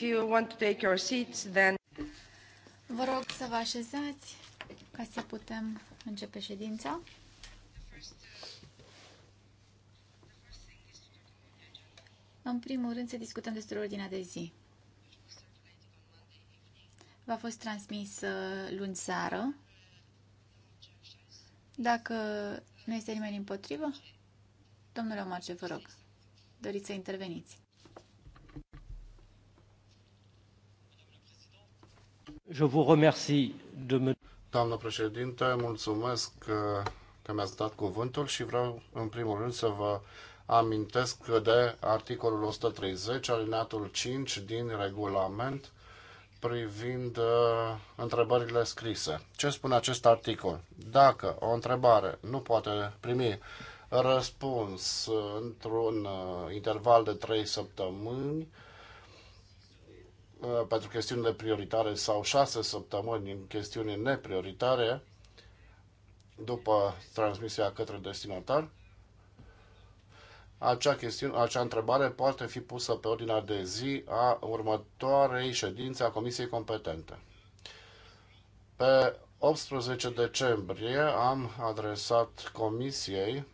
if you want to take your seats, then... Vă rog să vă așezați ca să putem începe ședința. În primul rând să discutăm despre ordinea de zi. V-a fost transmis uh, luni seară. Dacă nu este nimeni împotrivă, domnule Omarce, vă rog, doriți să interveniți. Je vous remercie de me... Doamnă președinte, mulțumesc că, că mi-ați dat cuvântul și vreau în primul rând să vă amintesc de articolul 130, alineatul 5 din regulament privind uh, întrebările scrise. Ce spune acest articol? Dacă o întrebare nu poate primi răspuns uh, într-un uh, interval de 3 săptămâni, uh, Uh, pentru chestiunile prioritare sau șase săptămâni în chestiuni neprioritare după transmisia către destinatar, acea, chestiune, acea întrebare poate fi pusă pe ordinea de zi a următoarei ședințe a Comisiei Competente. Pe 18 decembrie am adresat Comisiei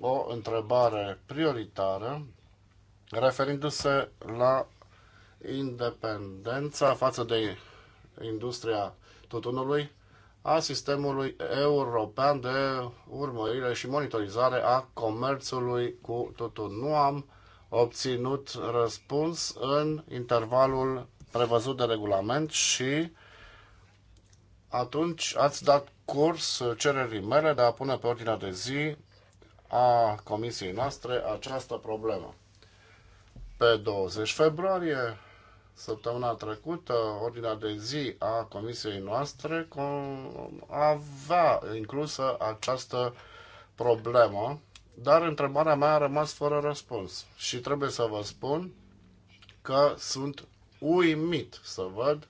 o întrebare prioritară referindu-se la independența față de industria tutunului a sistemului european de urmărire și monitorizare a comerțului cu tutun. Nu am obținut răspuns în intervalul prevăzut de regulament și atunci ați dat curs cererii mele de a pune pe ordinea de zi a comisiei noastre această problemă. Pe 20 februarie Săptămâna trecută, ordinea de zi a comisiei noastre avea inclusă această problemă, dar întrebarea mea a rămas fără răspuns. Și trebuie să vă spun că sunt uimit să văd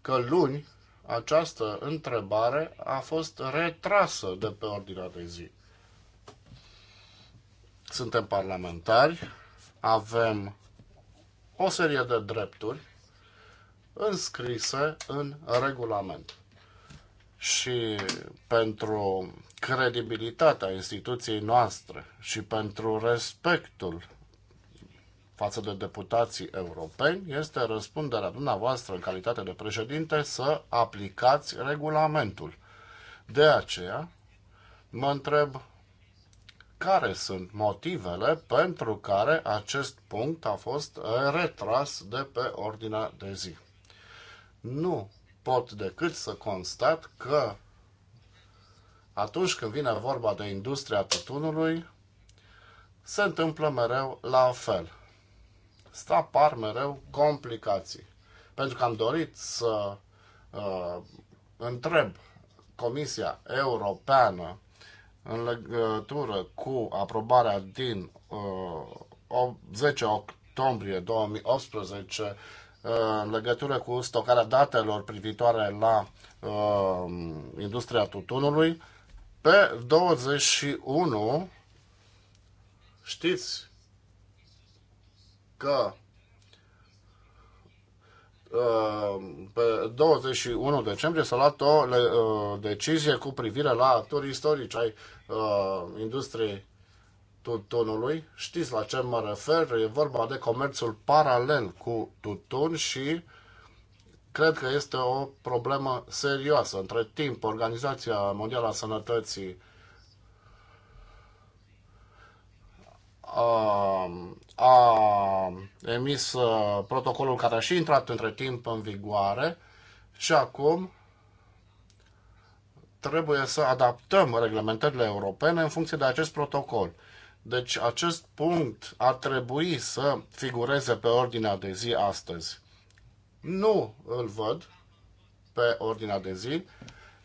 că luni această întrebare a fost retrasă de pe ordinea de zi. Suntem parlamentari, avem o serie de drepturi înscrise în regulament. Și pentru credibilitatea instituției noastre și pentru respectul față de deputații europeni, este răspunderea dumneavoastră în calitate de președinte să aplicați regulamentul. De aceea, mă întreb care sunt motivele pentru care acest punct a fost uh, retras de pe ordinea de zi. Nu pot decât să constat că atunci când vine vorba de industria tutunului, se întâmplă mereu la fel. Sta par mereu complicații. Pentru că am dorit să uh, întreb Comisia Europeană în legătură cu aprobarea din uh, 10 octombrie 2018 uh, în legătură cu stocarea datelor privitoare la uh, industria tutunului. Pe 21 știți că pe 21 decembrie s-a luat o le, uh, decizie cu privire la actorii istorici ai uh, industriei tutunului. Știți la ce mă refer? E vorba de comerțul paralel cu tutun și cred că este o problemă serioasă. Între timp, Organizația Mondială a Sănătății a uh, a emis uh, protocolul care a și intrat între timp în vigoare și acum trebuie să adaptăm reglementările europene în funcție de acest protocol. Deci acest punct ar trebui să figureze pe ordinea de zi astăzi. Nu îl văd pe ordinea de zi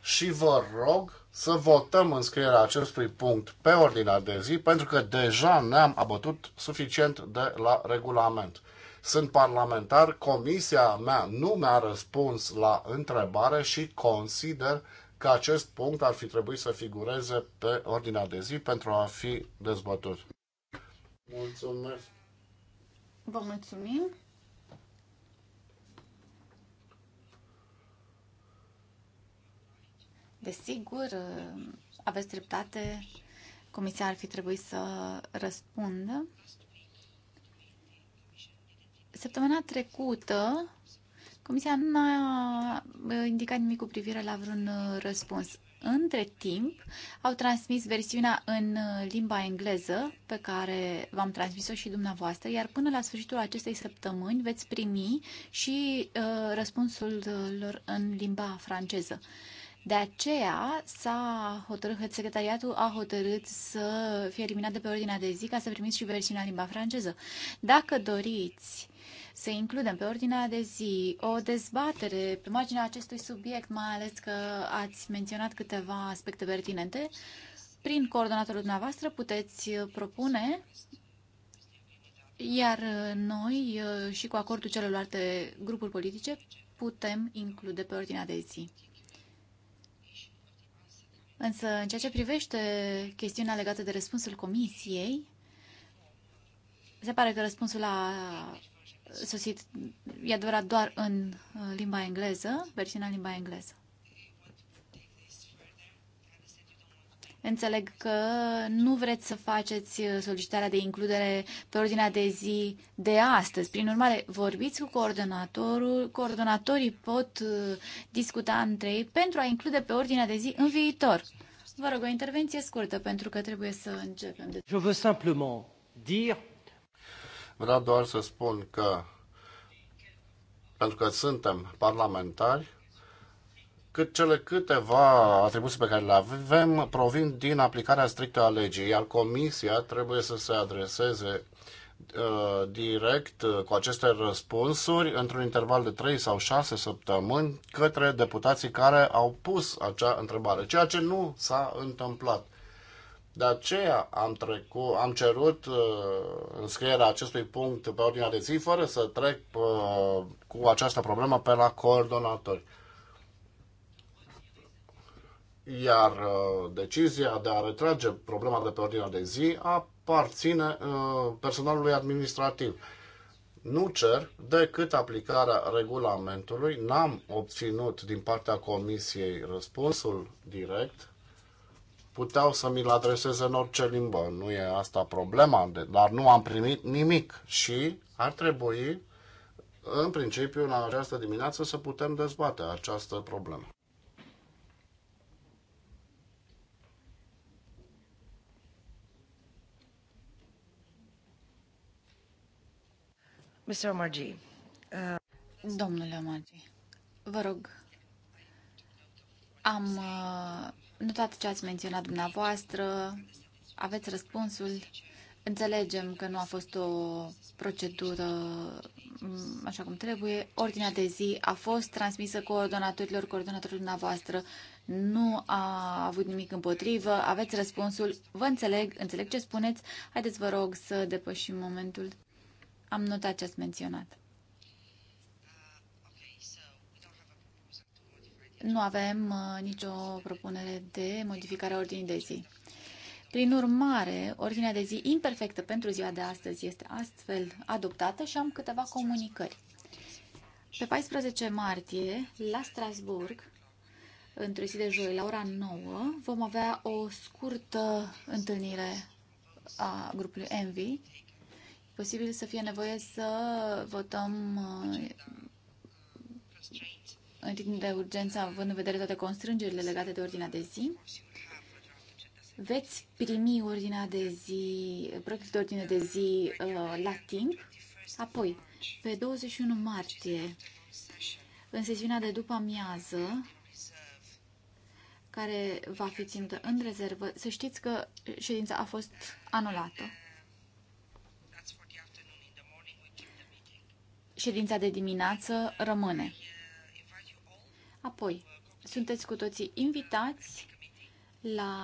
și vă rog să votăm înscrierea acestui punct pe ordinea de zi, pentru că deja ne-am abătut suficient de la regulament. Sunt parlamentar, comisia mea nu mi-a răspuns la întrebare și consider că acest punct ar fi trebuit să figureze pe ordinea de zi pentru a fi dezbătut. Mulțumesc! Vă mulțumim! Desigur, aveți dreptate, comisia ar fi trebuit să răspundă. Săptămâna trecută, comisia nu a indicat nimic cu privire la vreun răspuns. Între timp, au transmis versiunea în limba engleză pe care v-am transmis-o și dumneavoastră, iar până la sfârșitul acestei săptămâni veți primi și uh, răspunsul lor în limba franceză. Uh, de aceea s-a hotărât, secretariatul a hotărât să fie eliminat de pe ordinea de zi ca să primiți și versiunea limba franceză. Dacă doriți să includem pe ordinea de zi o dezbatere pe marginea acestui subiect, mai ales că ați menționat câteva aspecte pertinente, prin coordonatorul dumneavoastră puteți propune iar noi și cu acordul celorlalte grupuri politice putem include pe ordinea de zi. Însă, în ceea ce privește chestiunea legată de răspunsul comisiei, se pare că răspunsul a sosit, i-a doar în uh, limba engleză, versiunea în limba engleză. Înțeleg că nu vreți să faceți uh, solicitarea de includere pe ordinea de zi de astăzi. Prin urmare, vorbiți cu coordonatorul, coordonatorii pot uh, discuta între ei pentru a include pe ordinea de zi în viitor. Vă rog, o intervenție scurtă, pentru că trebuie să începem. De... Je veux simplement dire... Vreau doar să spun că, pentru că suntem parlamentari, cât cele câteva atribuții pe care le avem provin din aplicarea strictă a legii, iar comisia trebuie să se adreseze uh, direct uh, cu aceste răspunsuri într-un interval de 3 sau 6 săptămâni către deputații care au pus acea întrebare, ceea ce nu s-a întâmplat. De aceea am, trecut, am cerut uh, înscrierea acestui punct pe ordinea de zi, fără să trec uh, cu această problemă pe la coordonatori iar uh, decizia de a retrage problema de pe ordinea de zi aparține uh, personalului administrativ. Nu cer decât aplicarea regulamentului. N-am obținut din partea comisiei răspunsul direct. Puteau să mi-l adreseze în orice limbă. Nu e asta problema, dar nu am primit nimic. Și ar trebui, în principiu, în această dimineață să putem dezbate această problemă. Mr. Uh... Domnule Margie, vă rog, am uh, notat ce ați menționat dumneavoastră, aveți răspunsul. Înțelegem că nu a fost o procedură mm, așa cum trebuie. Ordinea de zi a fost transmisă coordonatorilor, coordonatorul dumneavoastră nu a avut nimic împotrivă, aveți răspunsul, vă înțeleg, înțeleg ce spuneți, haideți vă rog să depășim momentul. Am notat ce ați menționat. Nu avem uh, nicio propunere de modificare a ordinii de zi. Prin urmare, ordinea de zi imperfectă pentru ziua de astăzi este astfel adoptată și am câteva comunicări. Pe 14 martie, la Strasburg, într-o zi de joi, la ora 9, vom avea o scurtă întâlnire a grupului Envy posibil să fie nevoie să votăm uh, în timp de urgență, având în vedere toate constrângerile legate de ordinea de zi. Veți primi ordinea de zi, proiectul de ordine de zi uh, la timp. Apoi, pe 21 martie, în sesiunea de după amiază, care va fi ținută în rezervă, să știți că ședința a fost anulată. ședința de dimineață rămâne. Apoi, sunteți cu toții invitați la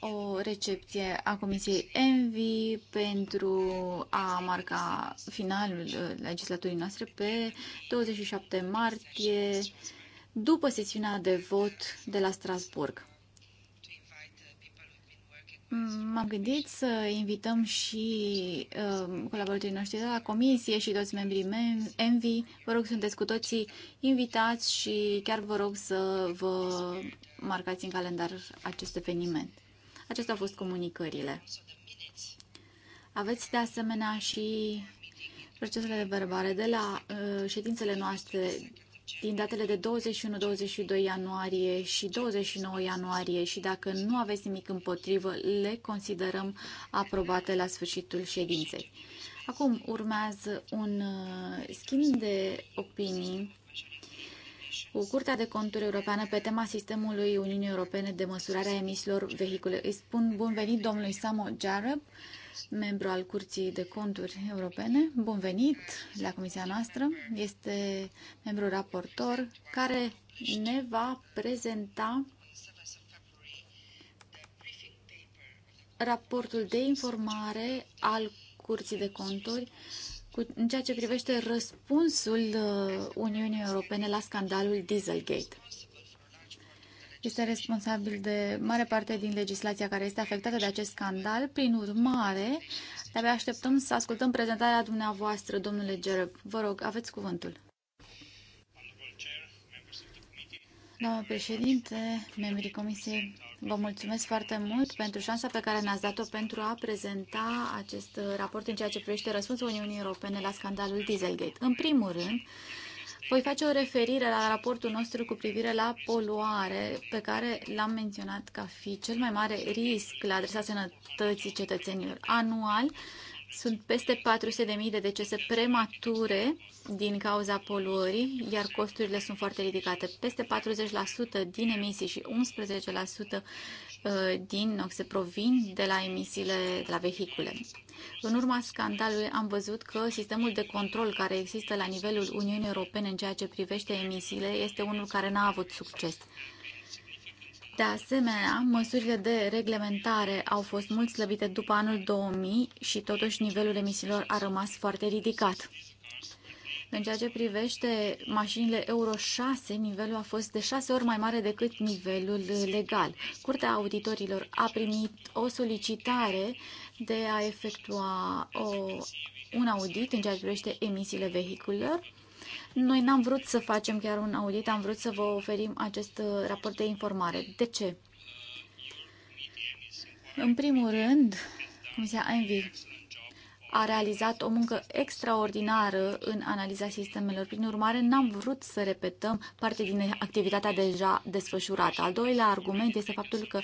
o recepție a Comisiei Envi pentru a marca finalul legislaturii noastre pe 27 martie, după sesiunea de vot de la Strasburg. Mm, m-am gândit să invităm și uh, colaboratorii noștri de la comisie și toți membrii Envi. Vă rog, sunteți cu toții invitați și chiar vă rog să vă marcați în calendar acest eveniment. Acestea au fost comunicările. Aveți de asemenea și procesele de verbare de la uh, ședințele noastre din datele de 21-22 ianuarie și 29 ianuarie și dacă nu aveți nimic împotrivă, le considerăm aprobate la sfârșitul ședinței. Acum urmează un uh, schimb de opinii cu Curtea de Conturi Europeană pe tema sistemului Uniunii Europene de măsurare a emisiilor vehicule. Îi spun bun venit domnului Samo Jarab, membru al Curții de Conturi Europene. Bun venit la comisia noastră. Este membru raportor care ne va prezenta raportul de informare al Curții de Conturi în ceea ce privește răspunsul uh, Uniunii Europene la scandalul Dieselgate este responsabil de mare parte din legislația care este afectată de acest scandal. Prin urmare, abia așteptăm să ascultăm prezentarea dumneavoastră, domnule Gerăb. Vă rog, aveți cuvântul. Doamnă președinte, membrii comisiei, vă mulțumesc foarte mult pentru șansa pe care ne-ați dat-o pentru a prezenta acest raport în ceea ce privește răspunsul Uniunii Europene la scandalul Dieselgate. În primul rând, voi face o referire la raportul nostru cu privire la poluare, pe care l-am menționat ca fi cel mai mare risc la adresa sănătății cetățenilor. Anual sunt peste 400.000 de decese premature din cauza poluării, iar costurile sunt foarte ridicate. Peste 40% din emisii și 11% Uh, din noxe provin de la emisiile de la vehicule. În urma scandalului am văzut că sistemul de control care există la nivelul Uniunii Europene în ceea ce privește emisiile este unul care n-a avut succes. De asemenea, măsurile de reglementare au fost mult slăbite după anul 2000 și totuși nivelul emisiilor a rămas foarte ridicat. În ceea ce privește mașinile Euro 6, nivelul a fost de 6 ori mai mare decât nivelul legal. Curtea Auditorilor a primit o solicitare de a efectua o, un audit în ceea ce privește emisiile vehiculelor. Noi n-am vrut să facem chiar un audit, am vrut să vă oferim acest uh, raport de informare. De ce? În primul rând, Comisia Envy a realizat o muncă extraordinară în analiza sistemelor. Prin urmare, n-am vrut să repetăm parte din activitatea deja desfășurată. Al doilea argument este faptul că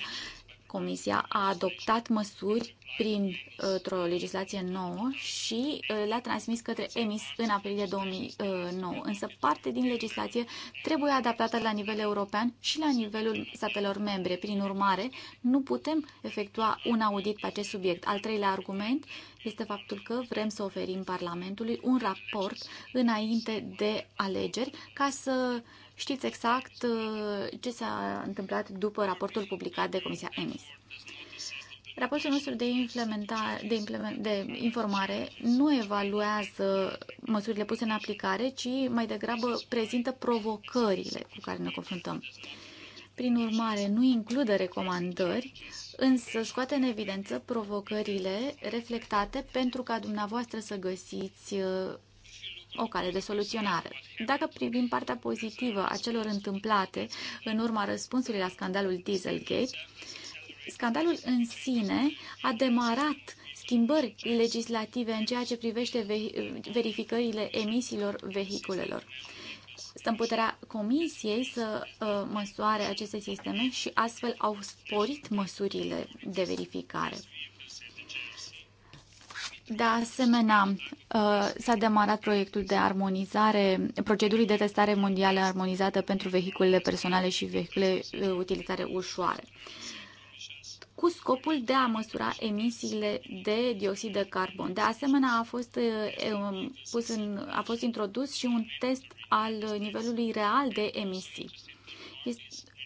Comisia a adoptat măsuri prin o legislație nouă și uh, le-a transmis către EMIS în aprilie 2009. Uh, Însă parte din legislație trebuie adaptată la nivel european și la nivelul statelor membre. Prin urmare, nu putem efectua un audit pe acest subiect. Al treilea argument este faptul că vrem să oferim Parlamentului un raport înainte de alegeri ca să știți exact uh, ce s-a întâmplat după raportul publicat de Comisia EMIS. Raportul nostru de, implementare, de, implement, de informare nu evaluează măsurile puse în aplicare, ci mai degrabă prezintă provocările cu care ne confruntăm. Prin urmare, nu include recomandări, însă scoate în evidență provocările reflectate pentru ca dumneavoastră să găsiți uh, o cale de soluționare. Dacă privim partea pozitivă a celor întâmplate în urma răspunsului la scandalul Dieselgate, Scandalul în sine a demarat schimbări legislative în ceea ce privește verificările emisiilor vehiculelor. Stă în puterea comisiei să uh, măsoare aceste sisteme și astfel au sporit măsurile de verificare. De asemenea, uh, s-a demarat proiectul de armonizare, procedurii de testare mondială armonizată pentru vehiculele personale și vehicule uh, utilitare ușoare cu scopul de a măsura emisiile de dioxid de carbon. De asemenea, a fost, uh, um, pus în, a fost introdus și un test al nivelului real de emisii.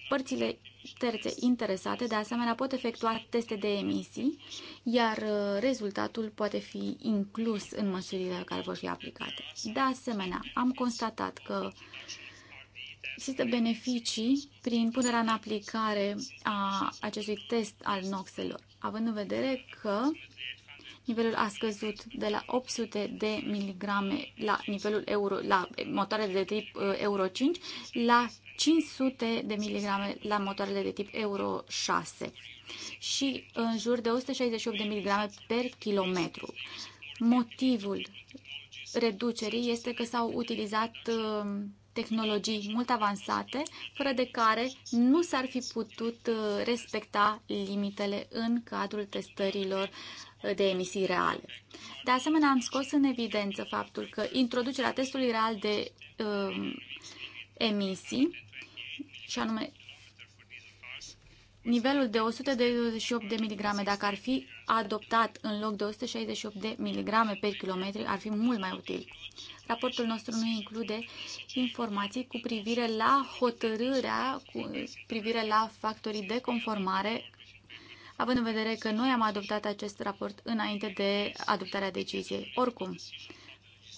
părțile terțe interesate, de asemenea, pot efectua teste de emisii, iar uh, rezultatul poate fi inclus în măsurile care vor fi aplicate. De asemenea, am constatat că Există beneficii prin punerea în aplicare a acestui test al noxelor, având în vedere că nivelul a scăzut de la 800 de miligrame la nivelul euro, la motoarele de tip uh, Euro 5 la 500 de miligrame la motoarele de tip Euro 6 și în jur de 168 de miligrame per kilometru. Motivul reducerii este că s-au utilizat uh, tehnologii mult avansate, fără de care nu s-ar fi putut uh, respecta limitele în cadrul testărilor uh, de emisii reale. De asemenea, am scos în evidență faptul că introducerea testului real de um, emisii, și anume nivelul de 128 de miligrame, dacă ar fi adoptat în loc de 168 de miligrame pe kilometri, ar fi mult mai util. Raportul nostru nu include informații cu privire la hotărârea, cu privire la factorii de conformare, având în vedere că noi am adoptat acest raport înainte de adoptarea deciziei. Oricum,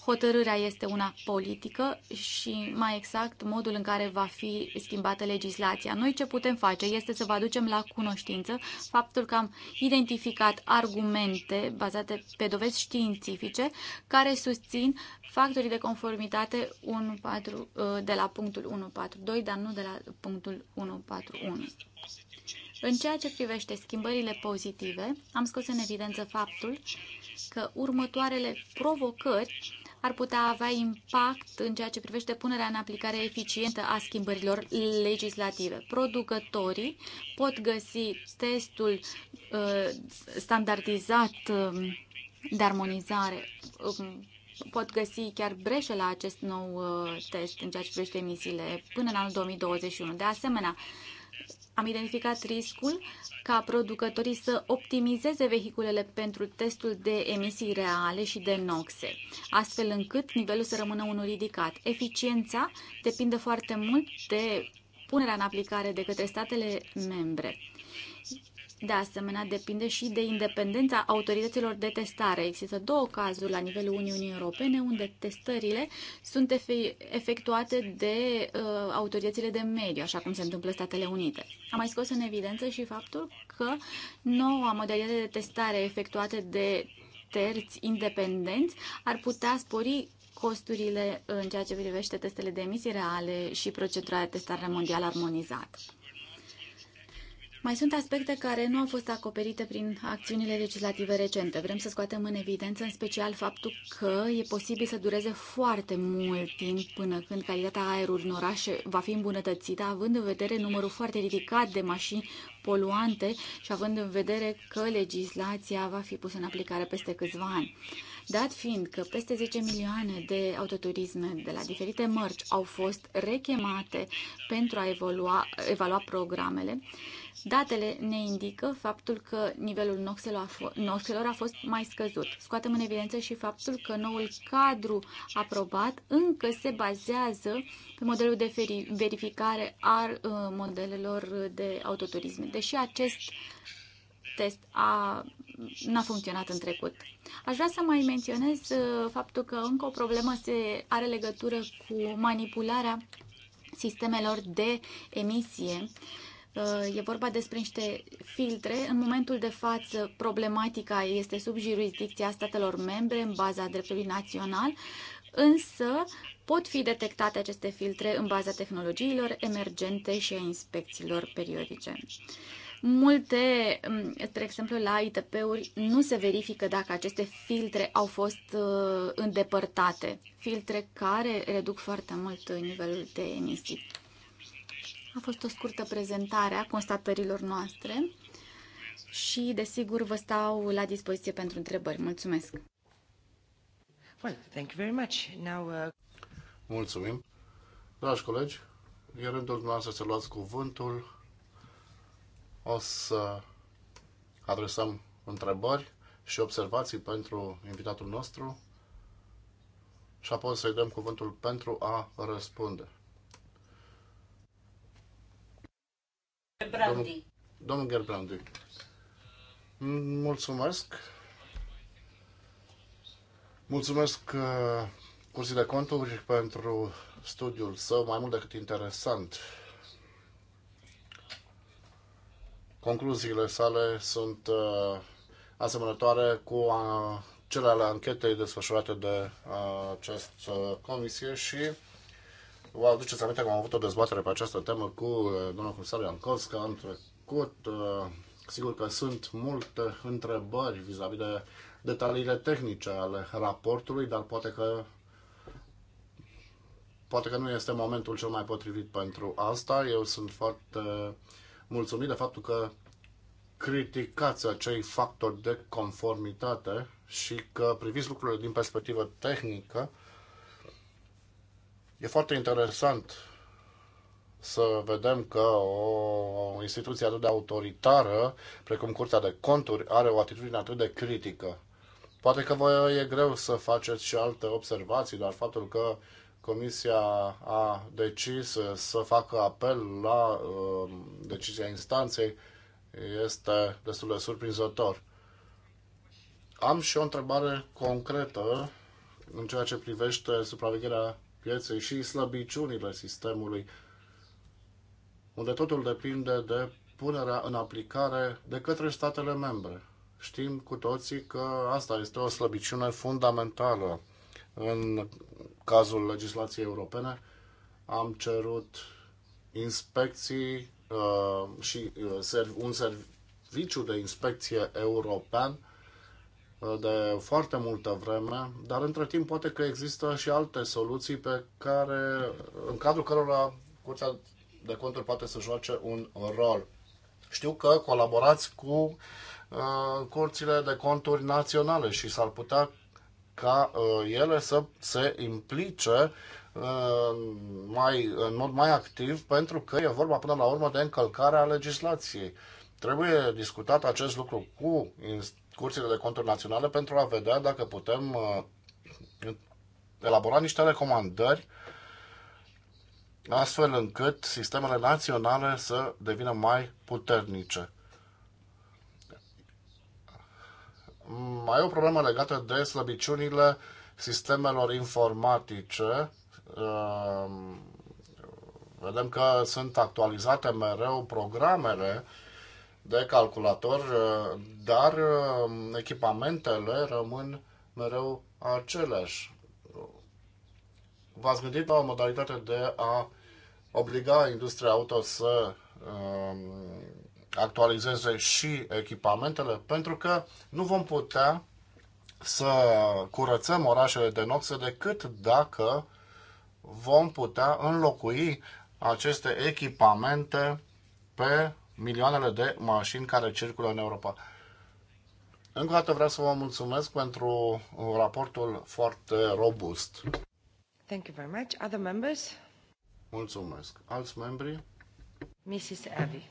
Hotărârea este una politică și, mai exact, modul în care va fi schimbată legislația. Noi ce putem face este să vă aducem la cunoștință faptul că am identificat argumente bazate pe dovezi științifice care susțin factorii de conformitate 4, uh, de la punctul 142, dar nu de la punctul 141. În ceea ce privește schimbările pozitive, am scos în evidență faptul că următoarele provocări ar putea avea impact în ceea ce privește punerea în aplicare eficientă a schimbărilor legislative. Producătorii pot găsi testul uh, standardizat um, de armonizare um, pot găsi chiar breșe la acest nou uh, test în ceea ce privește emisiile până în anul 2021. De asemenea, am identificat riscul ca producătorii să optimizeze vehiculele pentru testul de emisii reale și de noxe, astfel încât nivelul să rămână unul ridicat. Eficiența depinde foarte mult de punerea în aplicare de către statele membre de asemenea, depinde și de independența autorităților de testare. Există două cazuri la nivelul Uniunii Europene unde testările sunt efectuate de uh, autoritățile de mediu, așa cum se întâmplă în Statele Unite. Am mai scos în evidență și faptul că noua modalitate de testare efectuată de terți independenți ar putea spori costurile în ceea ce privește testele de emisii reale și procedura de testare mondială armonizată. Mai sunt aspecte care nu au fost acoperite prin acțiunile legislative recente. Vrem să scoatem în evidență în special faptul că e posibil să dureze foarte mult timp până când calitatea aerului în orașe va fi îmbunătățită, având în vedere numărul foarte ridicat de mașini poluante și având în vedere că legislația va fi pusă în aplicare peste câțiva ani. Dat fiind că peste 10 milioane de autoturisme de la diferite mărci au fost rechemate pentru a evolua, evalua programele, Datele ne indică faptul că nivelul noxelor a, noxelor a fost mai scăzut. Scoatem în evidență și faptul că noul cadru aprobat încă se bazează pe modelul de verificare al uh, modelelor de autoturism, deși acest test a, n-a funcționat în trecut. Aș vrea să mai menționez uh, faptul că încă o problemă se are legătură cu manipularea sistemelor de emisie. Uh, Uh, e vorba despre niște filtre. În momentul de față, problematica este sub jurisdicția statelor membre în baza dreptului național, însă pot fi detectate aceste filtre în baza tehnologiilor emergente și a inspecțiilor periodice. Multe, um, spre exemplu, la ITP-uri nu se verifică dacă aceste filtre au fost uh, îndepărtate, filtre care reduc foarte mult nivelul de emisii. A fost o scurtă prezentare a constatărilor noastre și, desigur, vă stau la dispoziție pentru întrebări. Mulțumesc! Well, thank you very much. Now, uh... Mulțumim! Dragi colegi, e rândul dumneavoastră să luați cuvântul. O să adresăm întrebări și observații pentru invitatul nostru și apoi să-i dăm cuvântul pentru a răspunde. Domnul Gerbrandi. Mulțumesc. Mulțumesc uh, Cursii de Conturi pentru studiul său, mai mult decât interesant. Concluziile sale sunt uh, asemănătoare cu uh, cele ale anchetei desfășurate de uh, această comisie și Vă aduceți aminte că am avut o dezbatere pe această temă cu uh, domnul comisar Iancovscă în trecut. Uh, sigur că sunt multe întrebări vis-a-vis -vis de detaliile tehnice ale raportului, dar poate că poate că nu este momentul cel mai potrivit pentru asta. Eu sunt foarte mulțumit de faptul că criticați acei factori de conformitate și că priviți lucrurile din perspectivă tehnică E foarte interesant să vedem că o instituție atât de autoritară, precum Curtea de Conturi, are o atitudine atât de critică. Poate că vă e greu să faceți și alte observații, dar faptul că Comisia a decis să facă apel la uh, decizia instanței este destul de surprinzător. Am și o întrebare concretă în ceea ce privește supravegherea pieței și slăbiciunile sistemului, unde totul depinde de punerea în aplicare de către statele membre. Știm cu toții că asta este o slăbiciune fundamentală în cazul legislației europene. Am cerut inspecții uh, și uh, un serviciu de inspecție european de foarte multă vreme, dar între timp poate că există și alte soluții pe care, în cadrul cărora Curtea de Conturi poate să joace un rol. Știu că colaborați cu uh, curțile de conturi naționale și s-ar putea ca uh, ele să se implice uh, mai, în mod mai activ pentru că e vorba până la urmă de încălcarea legislației. Trebuie discutat acest lucru cu curțile de conturi naționale pentru a vedea dacă putem uh, elabora niște recomandări astfel încât sistemele naționale să devină mai puternice. Mai e o problemă legată de slăbiciunile sistemelor informatice. Uh, vedem că sunt actualizate mereu programele de calculator, uh, dar uh, echipamentele rămân mereu aceleași. V-ați gândit la o modalitate de a obliga industria auto să um, actualizeze și echipamentele, pentru că nu vom putea să curățăm orașele de noxe decât dacă vom putea înlocui aceste echipamente pe milioanele de mașini care circulă în Europa. Încă o dată vreau să vă mulțumesc pentru raportul foarte robust. Thank you very much. Other members? Mulțumesc. Alți membri? Mrs. Evi.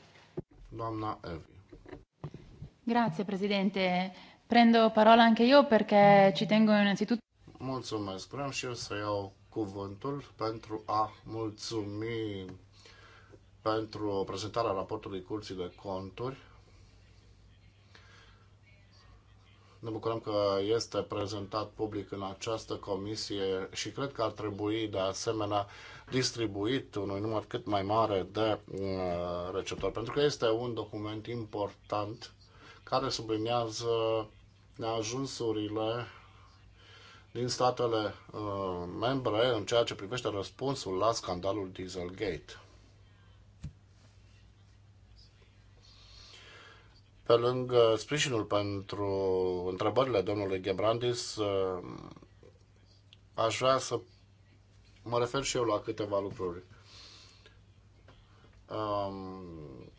Doamna Evi. Grazie, Presidente. Prendo parola anche io perché ci tengo innanzitutto... Mulțumesc. Vreau și eu să iau cuvântul pentru a mulțumi pentru prezentarea raportului Curții de Conturi. Ne bucurăm că este prezentat public în această comisie și cred că ar trebui de asemenea distribuit unui număr cât mai mare de uh, receptori, pentru că este un document important care sublinează neajunsurile din statele uh, membre în ceea ce privește răspunsul la scandalul Dieselgate. Pe lângă sprijinul pentru întrebările domnului Gebrandis, uh, aș vrea să mă refer și eu la câteva lucruri. Um,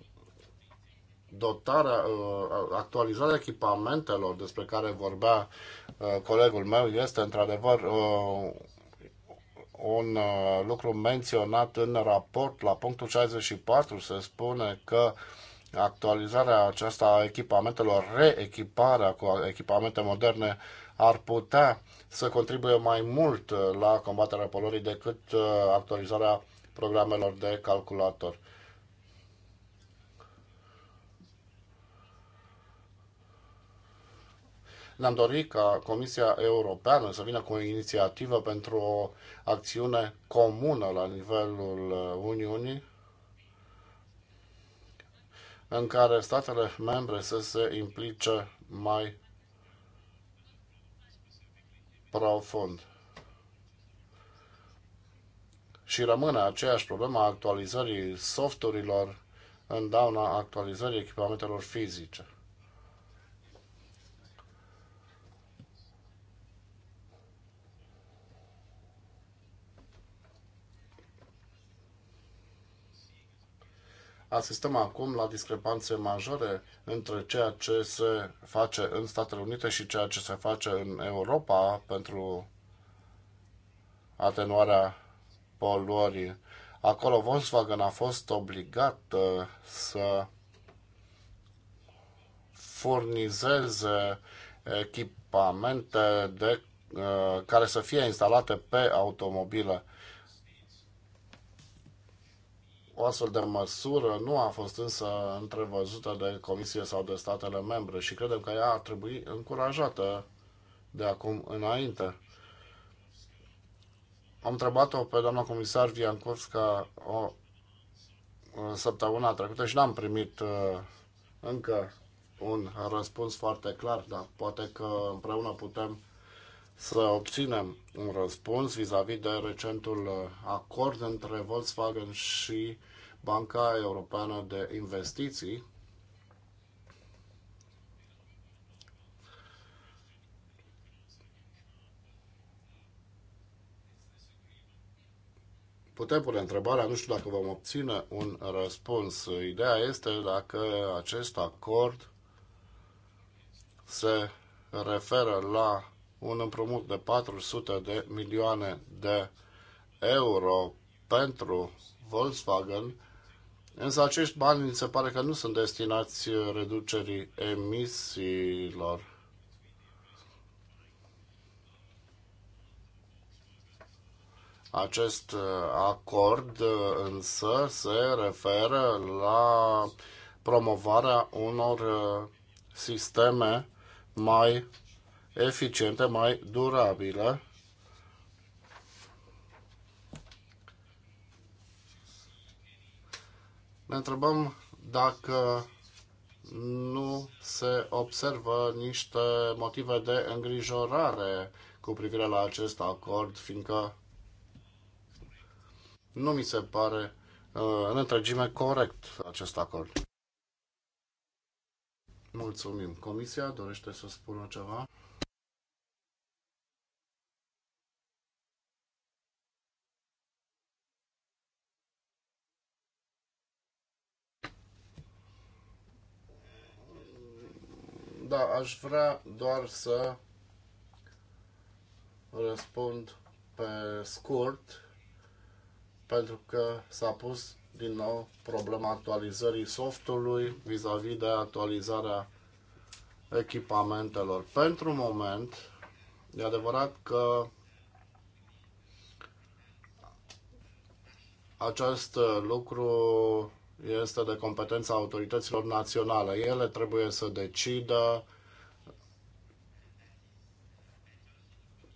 dotarea, uh, actualizarea echipamentelor despre care vorbea uh, colegul meu este într-adevăr un lucru menționat în raport. La punctul 64 se spune că uh, actualizarea aceasta a echipamentelor, reechiparea cu echipamente moderne ar putea să contribuie mai mult uh, la combaterea polorii decât uh, actualizarea programelor de calculator. Ne-am dorit ca Comisia Europeană să vină cu o inițiativă pentru o acțiune comună la nivelul uh, Uniunii în care statele membre să se implice mai profund. Și rămâne aceeași problemă a actualizării softurilor în dauna actualizării echipamentelor fizice. asistăm acum la discrepanțe majore între ceea ce se face în Statele Unite și ceea ce se face în Europa pentru atenuarea poluării. Acolo Volkswagen a fost obligat uh, să furnizeze echipamente de, uh, care să fie instalate pe automobile. O astfel de măsură nu a fost însă întrevăzută de Comisie sau de statele membre și credem că ea ar trebui încurajată de acum înainte. Am întrebat-o pe doamna comisar Viancovska o săptămâna trecută și n-am primit uh, încă un răspuns foarte clar, dar poate că împreună putem să obținem un răspuns vis-a-vis -vis de recentul uh, acord între Volkswagen și Banca Europeană de Investiții. Putem pune întrebarea, nu știu dacă vom obține un răspuns. Ideea este dacă acest acord se referă la un împrumut de 400 de milioane de euro pentru Volkswagen, însă acești bani se pare că nu sunt destinați reducerii emisiilor. Acest uh, acord uh, însă se referă la promovarea unor uh, sisteme mai eficientă, mai durabilă. Ne întrebăm dacă nu se observă niște motive de îngrijorare cu privire la acest acord, fiindcă nu mi se pare uh, în întregime corect acest acord. Mulțumim. Comisia dorește să spună ceva? aș vrea doar să răspund pe scurt, pentru că s-a pus din nou problema actualizării softului vis-a-vis de actualizarea echipamentelor. Pentru moment, e adevărat că acest lucru este de competența autorităților naționale. Ele trebuie să decidă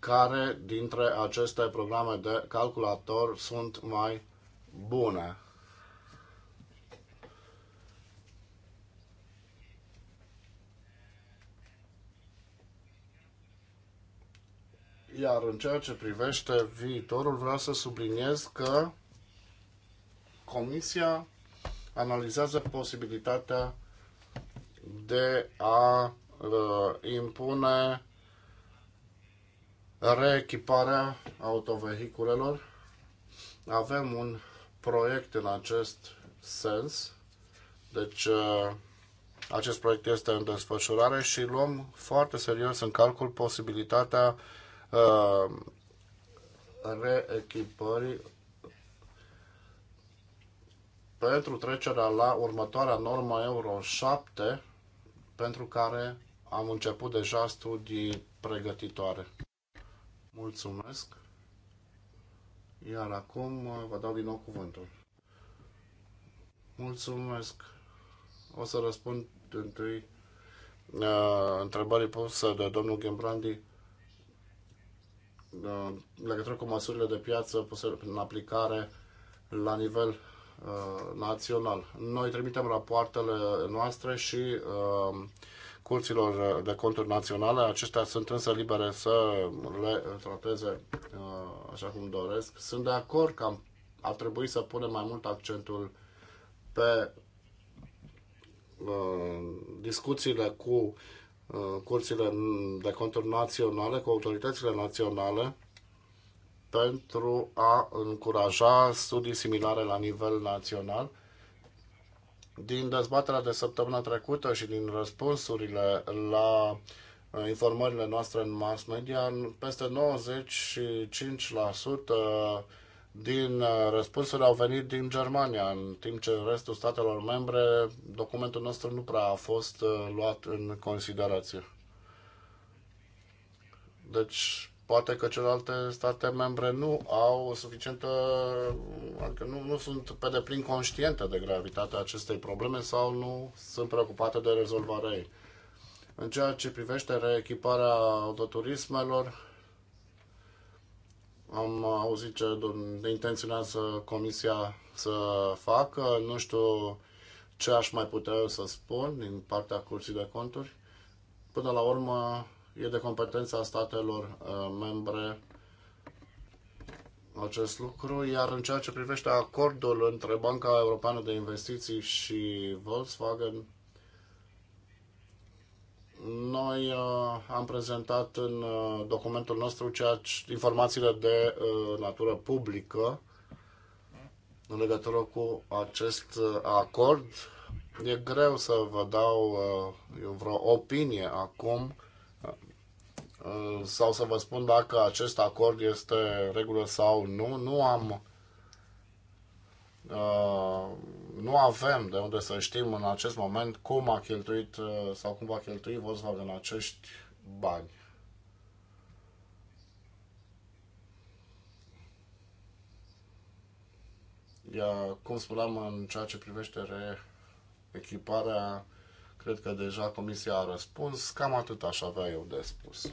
care dintre aceste programe de calculator sunt mai bune. Iar în ceea ce privește viitorul, vreau să subliniez că Comisia analizează posibilitatea de a uh, impune reechiparea autovehiculelor. Avem un proiect în acest sens, deci uh, acest proiect este în desfășurare și luăm foarte serios în calcul posibilitatea uh, reechipării pentru trecerea la următoarea normă Euro 7, pentru care am început deja studii pregătitoare. Mulțumesc. Iar acum uh, vă dau din nou cuvântul. Mulțumesc. O să răspund întâi uh, întrebării puse de domnul Gembrandi uh, legătură cu măsurile de piață puse în aplicare la nivel uh, național. Noi trimitem rapoartele noastre și uh, curților de conturi naționale. Acestea sunt însă libere să le trateze uh, așa cum doresc. Sunt de acord că ar trebui să punem mai mult accentul pe uh, discuțiile cu uh, curțile de conturi naționale, cu autoritățile naționale, pentru a încuraja studii similare la nivel național din dezbaterea de săptămâna trecută și din răspunsurile la uh, informările noastre în mass media, peste 95% din uh, răspunsuri au venit din Germania, în timp ce în restul statelor membre documentul nostru nu prea a fost uh, luat în considerație. Deci, Poate că celelalte state membre nu au suficientă, adică nu, nu sunt pe deplin conștiente de gravitatea acestei probleme sau nu sunt preocupate de rezolvarea ei. În ceea ce privește reechiparea autoturismelor, am auzit ce de intenționează comisia să facă. Nu știu ce aș mai putea eu să spun din partea Curții de Conturi. Până la urmă, e de competența statelor uh, membre acest lucru, iar în ceea ce privește acordul între Banca Europeană de Investiții și Volkswagen, noi uh, am prezentat în uh, documentul nostru ceea ce, informațiile de uh, natură publică în legătură cu acest uh, acord. E greu să vă dau uh, vreo opinie acum Uh, sau să vă spun dacă acest acord este regulă sau nu. Nu am uh, nu avem de unde să știm în acest moment cum a cheltuit uh, sau cum va cheltui Volkswagen acești bani. Ia, cum spuneam, în ceea ce privește re-echiparea, cred că deja Comisia a răspuns. Cam atât aș avea eu de spus.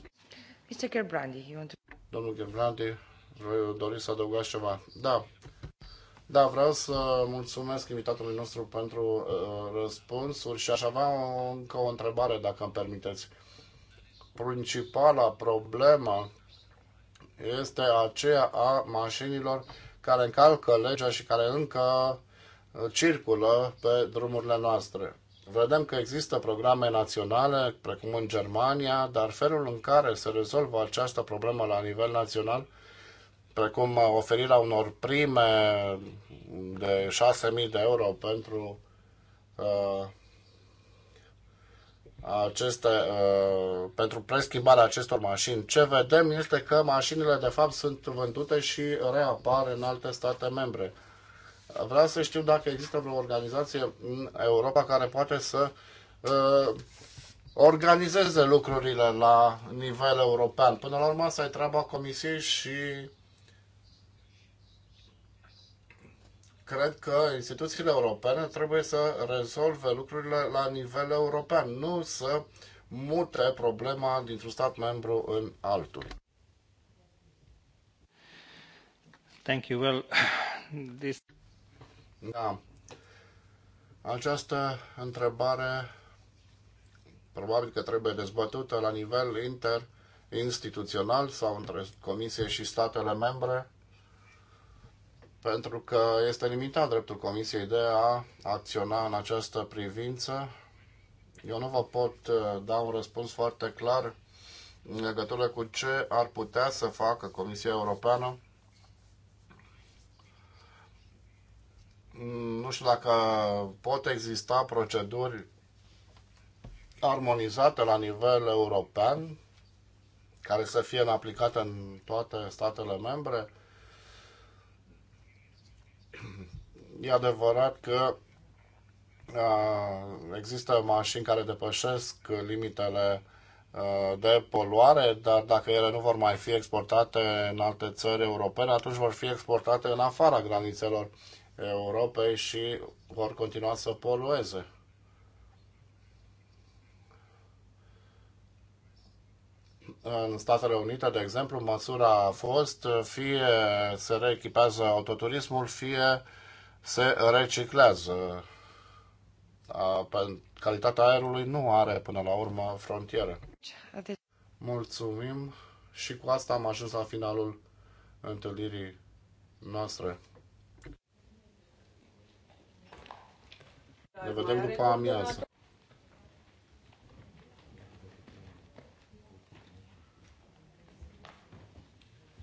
Mr. Gerbrandi, you want to... Domnul Gerbrandi, doriți să adăugați ceva? Da. Da, vreau să mulțumesc invitatului nostru pentru uh, răspunsuri și aș avea o, încă o întrebare, dacă îmi permiteți. Principala problemă este aceea a mașinilor care încalcă legea și care încă circulă pe drumurile noastre. Vedem că există programe naționale, precum în Germania, dar felul în care se rezolvă această problemă la nivel național, precum oferirea unor prime de 6.000 de euro pentru uh, aceste, uh, pentru preschimbarea acestor mașini. Ce vedem este că mașinile de fapt sunt vândute și reapar în alte state membre. Vreau să știu dacă există vreo organizație în Europa care poate să uh, organizeze lucrurile la nivel european. Până la urmă, asta e treaba Comisiei și cred că instituțiile europene trebuie să rezolve lucrurile la nivel european, nu să mute problema dintr-un stat membru în altul. Thank you. Well, this... Da. Această întrebare probabil că trebuie dezbătută la nivel interinstituțional sau între Comisie și statele membre, pentru că este limitat dreptul Comisiei de a acționa în această privință. Eu nu vă pot uh, da un răspuns foarte clar în legătură cu ce ar putea să facă Comisia Europeană nu știu dacă pot exista proceduri armonizate la nivel european care să fie în aplicate în toate statele membre. E adevărat că există mașini care depășesc limitele de poluare, dar dacă ele nu vor mai fi exportate în alte țări europene, atunci vor fi exportate în afara granițelor Europei și vor continua să polueze. În Statele Unite, de exemplu, măsura a fost fie se reechipează autoturismul, fie se reciclează. Calitatea aerului nu are până la urmă frontiere. Mulțumim și cu asta am ajuns la finalul întâlnirii noastre. Ne vedem după amiază.